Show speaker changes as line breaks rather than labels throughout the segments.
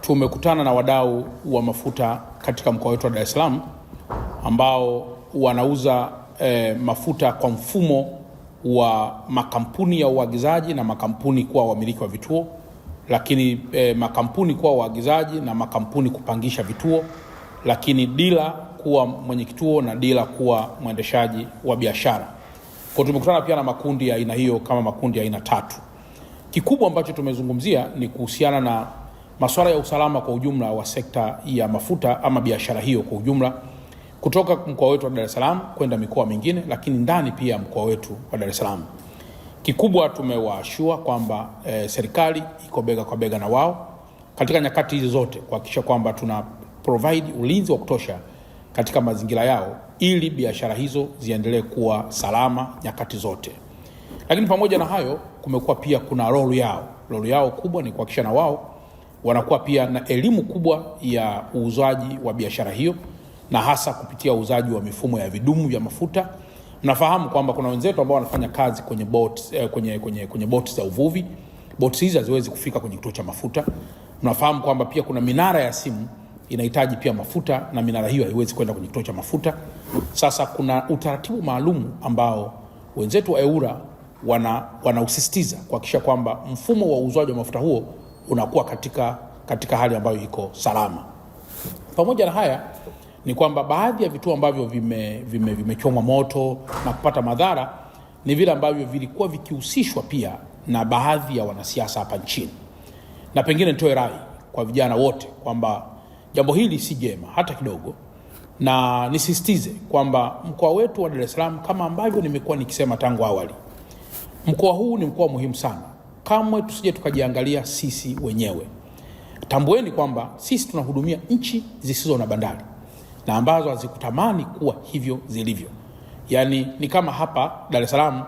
tumekutana na wadau wa mafuta katika mkoa wetu wa Dar es Salaam ambao wanauza eh, mafuta kwa mfumo wa makampuni ya uagizaji na makampuni kuwa wamiliki wa vituo, lakini eh, makampuni kuwa uagizaji na makampuni kupangisha vituo, lakini dila kuwa mwenye kituo na dila kuwa mwendeshaji wa biashara. Kwa tumekutana pia na makundi ya aina hiyo kama makundi ya aina tatu. Kikubwa ambacho tumezungumzia ni kuhusiana na masuala ya usalama kwa ujumla wa sekta ya mafuta ama biashara hiyo kwa ujumla kutoka mkoa wetu wa Dar es Salaam kwenda mikoa mingine, lakini ndani pia mkoa wetu wa Dar es Salaam. Kikubwa tumewaashua kwamba e, serikali iko bega kwa bega na wao katika nyakati hizi zote kuhakikisha kwamba tuna provide ulinzi wa kutosha katika mazingira yao ili biashara hizo ziendelee kuwa salama nyakati zote. Lakini pamoja na hayo, kumekuwa pia kuna rolu yao, rolu yao kubwa ni kuhakikisha na wao wanakuwa pia na elimu kubwa ya uuzaji wa biashara hiyo na hasa kupitia uuzaji wa mifumo ya vidumu vya mafuta. Mnafahamu kwamba kuna wenzetu ambao wanafanya kazi kwenye bot eh, kwenye, kwenye, kwenye bot za uvuvi. bot hizi haziwezi kufika kwenye kituo cha mafuta. Mnafahamu kwamba pia kuna minara ya simu inahitaji pia mafuta na minara hiyo haiwezi kwenda kwenye kituo cha mafuta. Sasa kuna utaratibu maalum ambao wenzetu wa eura wanausisitiza wana kuhakikisha kwamba mfumo wa uuzwaji wa mafuta huo unakuwa katika, katika hali ambayo iko salama. Pamoja na haya ni kwamba baadhi ya vituo ambavyo vimechomwa vime, vime moto na kupata madhara ni vile ambavyo vilikuwa vikihusishwa pia na baadhi ya wanasiasa hapa nchini, na pengine nitoe rai kwa vijana wote kwamba jambo hili si jema hata kidogo, na nisisitize kwamba mkoa wetu wa Dar es Salaam, kama ambavyo nimekuwa nikisema tangu awali, mkoa huu ni mkoa muhimu sana kamwe tusije tukajiangalia sisi wenyewe. Tambueni kwamba sisi tunahudumia nchi zisizo na bandari na ambazo hazikutamani kuwa hivyo zilivyo. Yaani ni kama hapa Dar es Salaam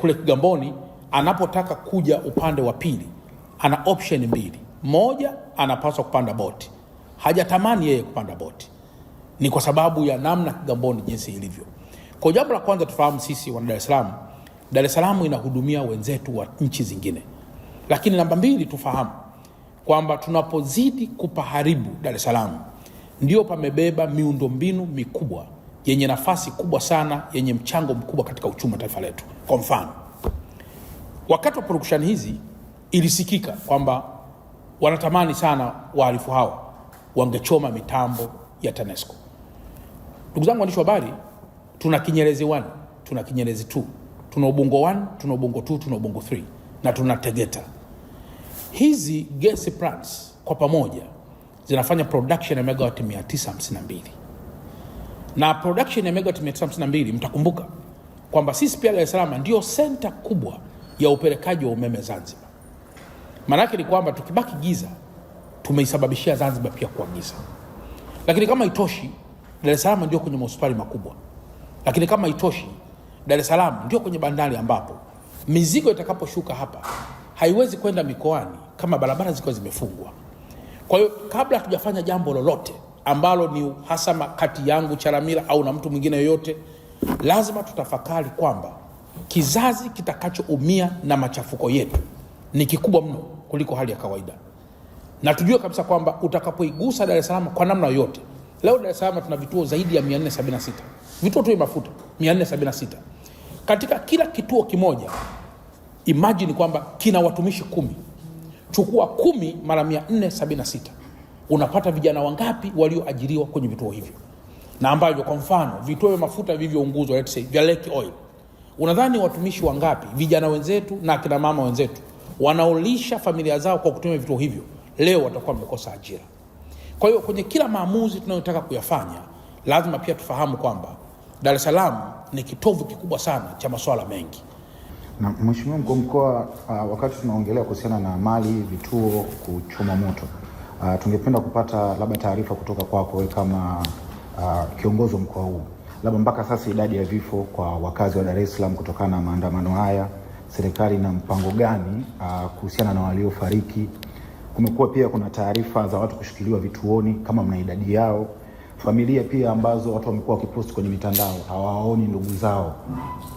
kule Kigamboni, anapotaka kuja upande wa pili ana option mbili. Moja, anapaswa kupanda boti, hajatamani yeye kupanda boti, ni kwa sababu ya namna Kigamboni jinsi ilivyo. Kwa jambo la kwanza tufahamu sisi wana Dar es Salaam Dar es Salaam inahudumia wenzetu wa nchi zingine, lakini namba mbili, tufahamu kwamba tunapozidi kupaharibu Dar es Salaam ndio pamebeba miundombinu mikubwa yenye nafasi kubwa sana yenye mchango mkubwa katika uchumi wa taifa letu. Kwa mfano, wakati wa purukushani hizi ilisikika kwamba wanatamani sana wahalifu hawa wangechoma mitambo ya TANESCO. Ndugu zangu waandishi wa habari, tuna Kinyerezi 1 tuna Kinyerezi tuna Ubongo 1, tuna Ubongo 2, tuna Ubongo 3 na tuna Tegeta. Hizi gesi plants kwa pamoja zinafanya production ya megawatt 952 na production ya megawatt 952, mtakumbuka kwamba sisi pia Dar es Salaam ndio center kubwa ya upelekaji wa umeme Zanzibar. Maanake ni kwamba tukibaki giza tumeisababishia Zanzibar pia kuwa giza. Lakini kama itoshi, Dar es Salaam ndio kwenye mahospitali makubwa. Lakini kama itoshi Dar es Salaam ndio kwenye bandari ambapo mizigo itakaposhuka hapa haiwezi kwenda mikoani kama barabara ziko zimefungwa. Kwa hiyo kabla hatujafanya jambo lolote ambalo ni uhasama kati yangu Chalamila au na mtu mwingine yoyote, lazima tutafakari kwamba kizazi kitakachoumia na machafuko yetu ni kikubwa mno kuliko hali ya kawaida, na tujue kabisa kwamba utakapoigusa Dar es Salaam kwa namna yoyote, leo Dar es Salaam tuna vituo zaidi ya 476 vituo tu vya mafuta 476 katika kila kituo kimoja, imajini kwamba kina watumishi kumi. Chukua kumi mara mia nne sabini na sita unapata vijana wangapi walioajiriwa kwenye vituo hivyo, na ambavyo kwa mfano vituo vya mafuta vilivyounguzwa vya Lake Oil, unadhani watumishi wangapi vijana wenzetu na akina mama wenzetu wanaolisha familia zao kwa kutumia vituo hivyo leo watakuwa wamekosa ajira? Kwa hiyo kwenye kila maamuzi tunayotaka kuyafanya lazima pia tufahamu kwamba Dar es Salaam ni kitovu kikubwa sana cha masuala mengi.
Na Mheshimiwa Mkuu wa Mkoa, uh, wakati tunaongelea kuhusiana na mali, vituo kuchoma moto, uh, tungependa kupata labda taarifa kutoka kwako wewe kama uh, kiongozi wa mkoa huu, labda mpaka sasa idadi ya vifo kwa wakazi wa Dar es Salaam kutokana na maandamano haya, serikali ina mpango gani uh, kuhusiana na waliofariki? Kumekuwa pia kuna taarifa za watu kushikiliwa vituoni, kama mna idadi yao familia pia ambazo watu wamekuwa wakipost kwenye mitandao hawaoni ndugu zao,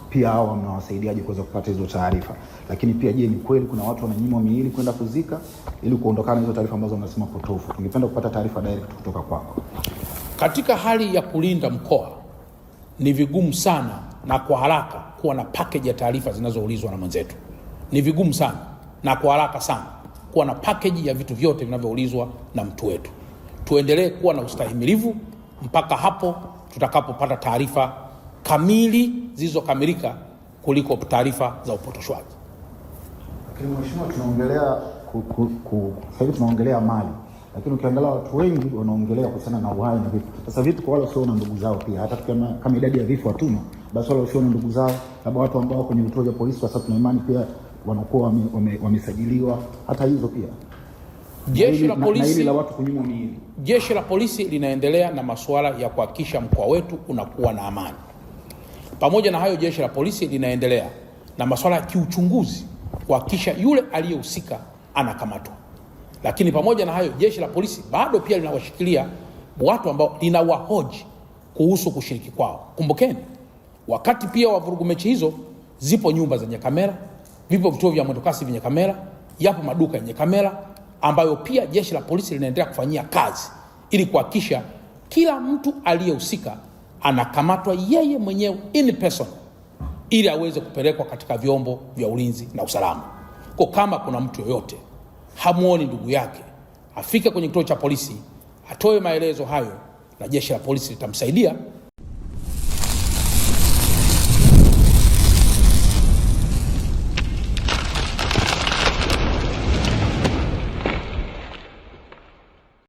pia hao wanawasaidiaje kuweza kupata hizo taarifa? Lakini pia je, ni kweli kuna watu wananyimwa miili kwenda kuzika ili kuondokana hizo taarifa ambazo wanasema potofu? Tungependa kupata taarifa direct kutoka kwako.
Katika hali ya kulinda mkoa, ni vigumu sana na kwa haraka kuwa na package ya taarifa zinazoulizwa na mwenzetu. Ni vigumu sana na kwa haraka sana kuwa na package ya vitu vyote vinavyoulizwa na mtu wetu tuendelee kuwa na ustahimilivu mpaka hapo tutakapopata taarifa kamili zilizokamilika kuliko taarifa za upotoshwaji.
Mheshimiwa, tunaongelea sahivi tunaongelea mali, lakini ukiangalia watu wengi wanaongelea kuhusiana na uhai na vitu. Sasa vitu kwa wale wasioona ndugu zao pia, hata kama, idadi ya vifo hatuna, basi wale wasioona ndugu zao, labda watu ambao kwenye vituo vya polisi, sasa tuna pia wanakuwa wamesajiliwa, hata hizo pia
Jeshi la polisi la watu kunyimwa miili. Jeshi la polisi linaendelea na masuala ya kuhakikisha mkoa wetu unakuwa na amani. Pamoja na hayo, jeshi la polisi linaendelea na masuala ya kiuchunguzi kuhakikisha yule aliyehusika anakamatwa. Lakini pamoja na hayo, jeshi la polisi bado pia linawashikilia watu ambao linawahoji kuhusu kushiriki kwao. Kumbukeni, wakati pia wa vurugu mechi hizo, zipo nyumba zenye kamera, vipo vituo vya mwendokasi vyenye kamera, yapo maduka yenye kamera ambayo pia jeshi la polisi linaendelea kufanyia kazi ili kuhakikisha kila mtu aliyehusika anakamatwa yeye mwenyewe in person ili aweze kupelekwa katika vyombo vya ulinzi na usalama. Kwa kama kuna mtu yoyote hamuoni ndugu yake, afike kwenye kituo cha polisi atoe maelezo hayo, na jeshi la polisi litamsaidia